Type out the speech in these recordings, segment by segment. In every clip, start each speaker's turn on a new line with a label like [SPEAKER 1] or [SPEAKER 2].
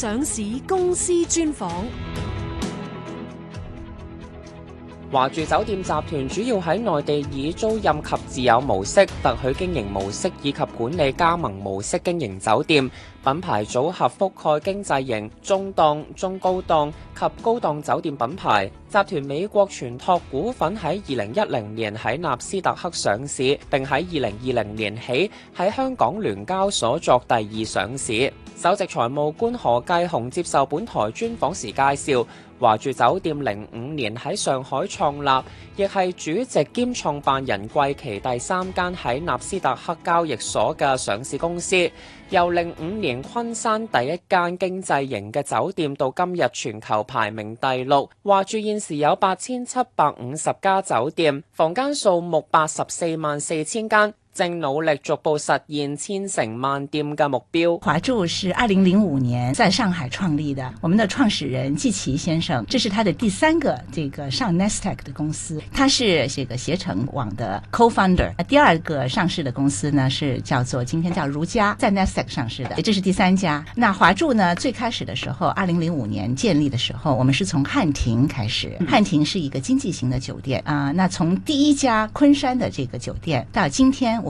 [SPEAKER 1] 上市公司專訪。
[SPEAKER 2] 華住酒店集團主要喺內地以租賃及自有模式、特許經營模式以及管理加盟模式經營酒店，品牌組合覆蓋經濟型、中檔、中高檔及高檔酒店品牌。集團美國存託股份喺二零一零年喺納斯達克上市，並喺二零二零年起喺香港聯交所作第二上市。首席財務官何繼紅接受本台專訪時介紹。華住酒店零五年喺上海創立，亦係主席兼創辦人，季琦第三間喺納斯達克交易所嘅上市公司。由零五年昆山第一間經濟型嘅酒店，到今日全球排名第六。華住現時有八千七百五十家酒店，房間數目八十四萬四千間。正努力逐步實現千城萬店嘅目標。
[SPEAKER 1] 華住是二零零五年在上海創立的，我們的創始人季琦先生，這是他的第三個這個上納斯達克的公司，他是這個攜程網的 co-founder，第二個上市的公司呢是叫做今天叫如家，在納斯達克上市的，這是第三家。那華住呢最開始的時候，二零零五年建立的時候，我們是從漢庭開始，漢庭是一個經濟型的酒店啊、呃。那從第一家昆山的這個酒店到今天，我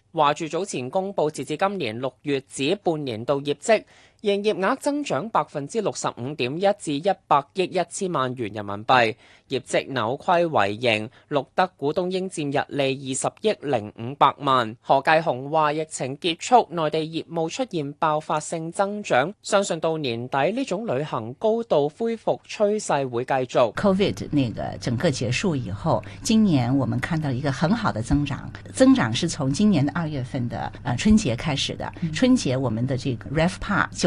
[SPEAKER 2] 華住早前公佈，截至今年六月止半年度業績。營業額增長百分之六十五點一至一百億一千萬元人民幣，業績扭虧為盈，錄得股東應佔溢利二十億零五百萬。何繼紅話：疫情結束，內地業務出現爆發性增長，相信到年底呢種旅行高度恢復趨勢會繼續。COVID 那
[SPEAKER 1] 個整個結束以後，今年我們看到一個很好的增長，增長是從今年的二月份的啊春節開始的，春節我們的這個 RevPAR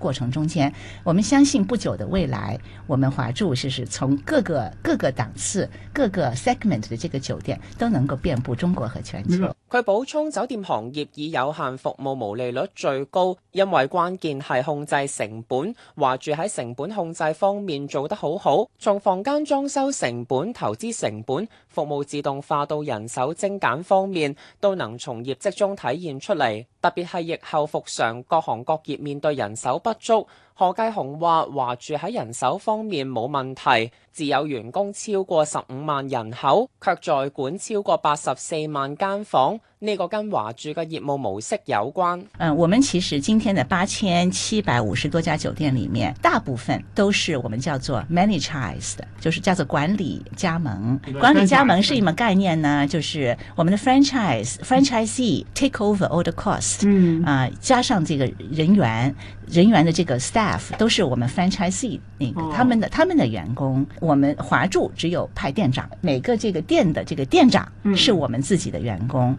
[SPEAKER 1] 過程中間，我們相信不久的未來，我們華住就是，是從各個各個檔次、各個 segment 的這個酒店都能夠遍布中國和全球。
[SPEAKER 2] 佢、嗯、補充，酒店行業以有限服務毛利率最高，因為關鍵係控制成本。華住喺成本控制方面做得好好，從房間裝修成本、投資成本、服務自動化到人手精簡方面，都能從業績中體現出嚟。特別係疫後復常，各行各業面對人手不足。何繼紅話，華住喺人手方面冇問題，自有員工超過十五萬人口，卻在管超過八十四萬間房。呢、這個跟華住嘅業務模式有關。嗯、
[SPEAKER 1] 呃，我們其實今天的八千七百五十多家酒店裏面，大部分都是我們叫做 managed 就是叫做管理加盟。管理加盟是一門概念呢，就是我們的 franchise，franchisee、嗯、take over all the cost 嗯。啊、呃，加上這個人員，人員的這個 staff 都是我們 franchisee 那個、嗯、他們的他們的員工。我們華住只有派店長，每個這個店的這個店長是我們自己的員工。嗯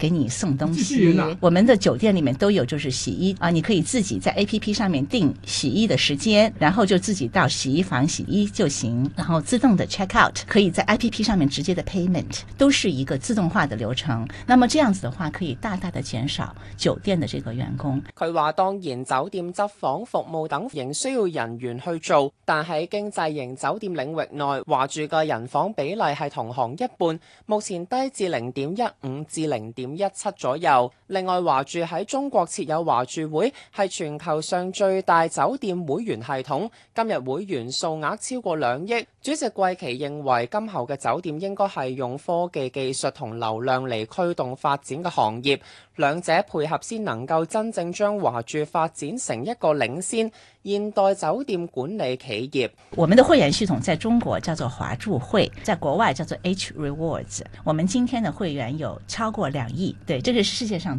[SPEAKER 1] 給你送東西，我們的酒店裏面都有，就是洗衣啊，你可以自己在 A P P 上面訂洗衣的時間，然後就自己到洗衣房洗衣就行，然後自動的 check out，可以在 A P P 上面直接的 payment，都是一個自動化的流程。那麼這樣子的話，可以大大的減少酒店的這個員工。
[SPEAKER 2] 佢話當然酒店執房服務等仍需要人員去做，但喺經濟型酒店領域內，華住嘅人房比例係同行一半，目前低至零點一五至零點。一七左右。另外，華住喺中國設有華住會，係全球上最大酒店會員系統。今日會員數額超過兩億。主席季琦認為，今後嘅酒店應該係用科技技術同流量嚟驅動發展嘅行業，兩者配合先能夠真正將華住發展成一個領先現代酒店管理企業。
[SPEAKER 1] 我們的會員系統在中國叫做華住會，在國外叫做 H Rewards。我們今天的會員有超過兩億。對，這是世界上。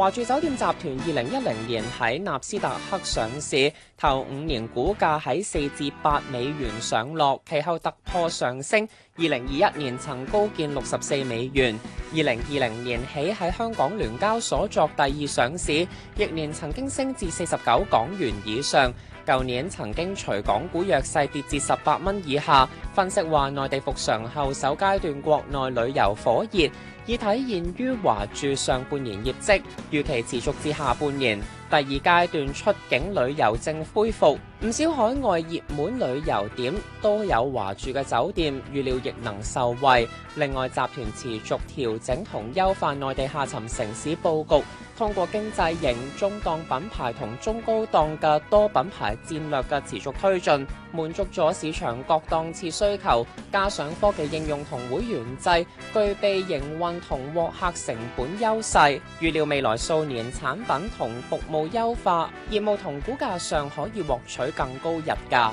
[SPEAKER 2] 華住酒店集團二零一零年喺納斯達克上市，頭五年股價喺四至八美元上落，其後突破上升，二零二一年曾高見六十四美元，二零二零年起喺香港聯交所作第二上市，翌年曾經升至四十九港元以上。舊年曾經隨港股弱勢跌至十八蚊以下，分析話內地復常後首階段國內旅遊火熱，已體現於華住上半年業績，預期持續至下半年。第二階段出境旅遊正恢復。唔少海外熱門旅遊點都有華住嘅酒店，預料亦能受惠。另外，集團持續調整同優化內地下沉城市布局，通過經濟型中檔品牌同中高檔嘅多品牌戰略嘅持續推進，滿足咗市場各檔次需求。加上科技應用同會員制，具備營運同獲客成本優勢，預料未來數年產品同服務優化，業務同股價上可以獲取更高入價。